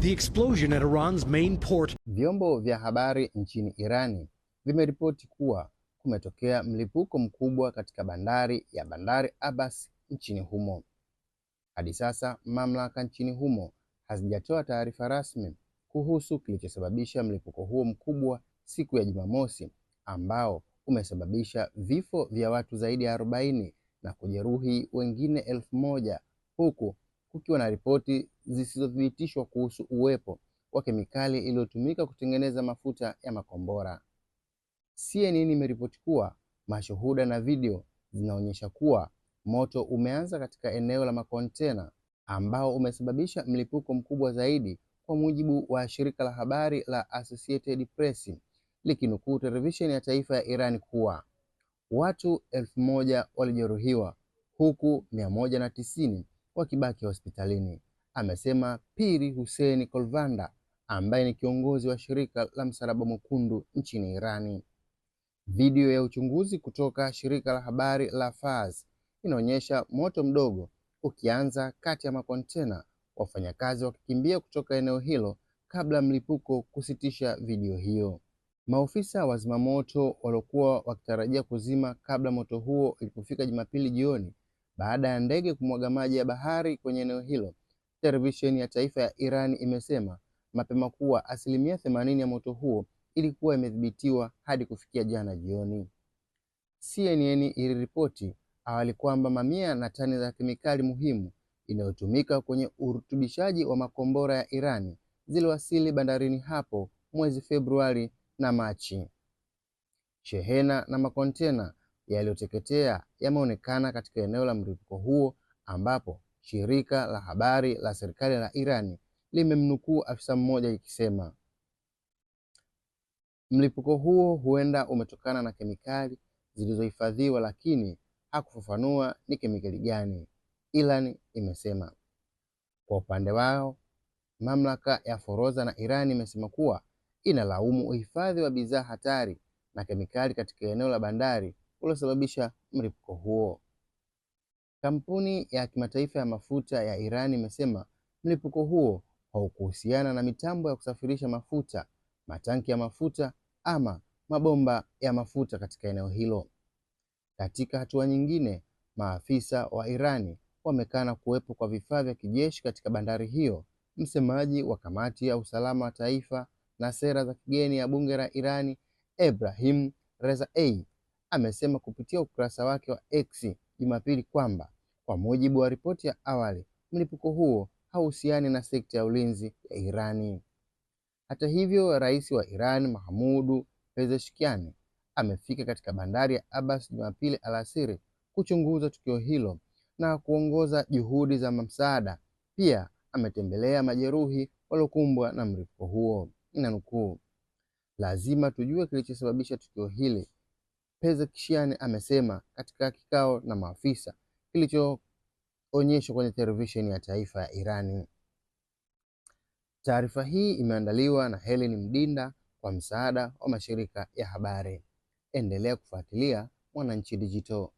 The explosion at Iran's main port. Vyombo vya habari nchini Irani vimeripoti kuwa kumetokea mlipuko mkubwa katika bandari ya bandari Abbas nchini humo. Hadi sasa mamlaka nchini humo hazijatoa taarifa rasmi kuhusu kilichosababisha mlipuko huo mkubwa siku ya Jumamosi ambao umesababisha vifo vya watu zaidi ya 40 na kujeruhi wengine elfu moja huku kukiwa na ripoti zisizothibitishwa kuhusu uwepo wa kemikali iliyotumika kutengeneza mafuta ya makombora. CNN imeripoti kuwa mashuhuda na video zinaonyesha kuwa moto umeanza katika eneo la makontena ambao umesababisha mlipuko mkubwa zaidi, kwa mujibu wa shirika la habari la Associated Press likinukuu televisheni ya taifa ya Iran kuwa watu elfu moja walijeruhiwa huku mia moja na tisini wakibaki hospitalini, amesema Piri Huseni Kolvanda ambaye ni kiongozi wa shirika la Msalaba Mwekundu nchini Irani. Video ya uchunguzi kutoka shirika la habari la Fars inaonyesha moto mdogo ukianza kati ya makontena, wafanyakazi wakikimbia kutoka eneo hilo kabla mlipuko kusitisha video hiyo. Maofisa wa zimamoto waliokuwa wakitarajia kuzima kabla moto huo ilipofika Jumapili jioni baada ya ndege kumwaga maji ya bahari kwenye eneo hilo. Televisheni ya taifa ya Iran imesema mapema kuwa asilimia themanini ya moto huo ilikuwa imedhibitiwa hadi kufikia jana jioni. CNN iliripoti awali kwamba mamia na tani za kemikali muhimu inayotumika kwenye urutubishaji wa makombora ya Iran ziliwasili bandarini hapo mwezi Februari na Machi. Shehena na makontena yaliyoteketea yameonekana katika eneo la mlipuko huo ambapo shirika la habari la serikali la Iran limemnukuu afisa mmoja ikisema mlipuko huo huenda umetokana na kemikali zilizohifadhiwa, lakini hakufafanua ni kemikali gani, Iran imesema. Kwa upande wao, mamlaka ya forodha na Iran imesema kuwa inalaumu uhifadhi wa bidhaa hatari na kemikali katika eneo la bandari uliosababisha mlipuko huo. Kampuni ya kimataifa ya mafuta ya Iran imesema mlipuko huo haukuhusiana na mitambo ya kusafirisha mafuta, matanki ya mafuta ama mabomba ya mafuta katika eneo hilo. Katika hatua nyingine, maafisa wa Irani wamekana kuwepo kwa vifaa vya kijeshi katika bandari hiyo. Msemaji wa kamati ya usalama wa taifa na sera za kigeni ya bunge la Irani, Ebrahim Rezaei, amesema kupitia ukurasa wake wa X Jumapili kwamba kwa mujibu wa ripoti ya awali, mlipuko huo hauhusiani na sekta ya ulinzi ya Irani. Hata hivyo, rais wa Iran Mahmudu Pezeshkian amefika katika bandari ya Abbas Jumapili alasiri kuchunguza tukio hilo na kuongoza juhudi za msaada. Pia ametembelea majeruhi waliokumbwa na mlipuko huo. Ina nukuu, lazima tujue kilichosababisha tukio hili Pezeshkian amesema katika kikao na maafisa kilichoonyeshwa kwenye televisheni ya taifa ya Irani. Taarifa hii imeandaliwa na Helen Mdinda kwa msaada wa mashirika ya habari. Endelea kufuatilia Mwananchi Digital.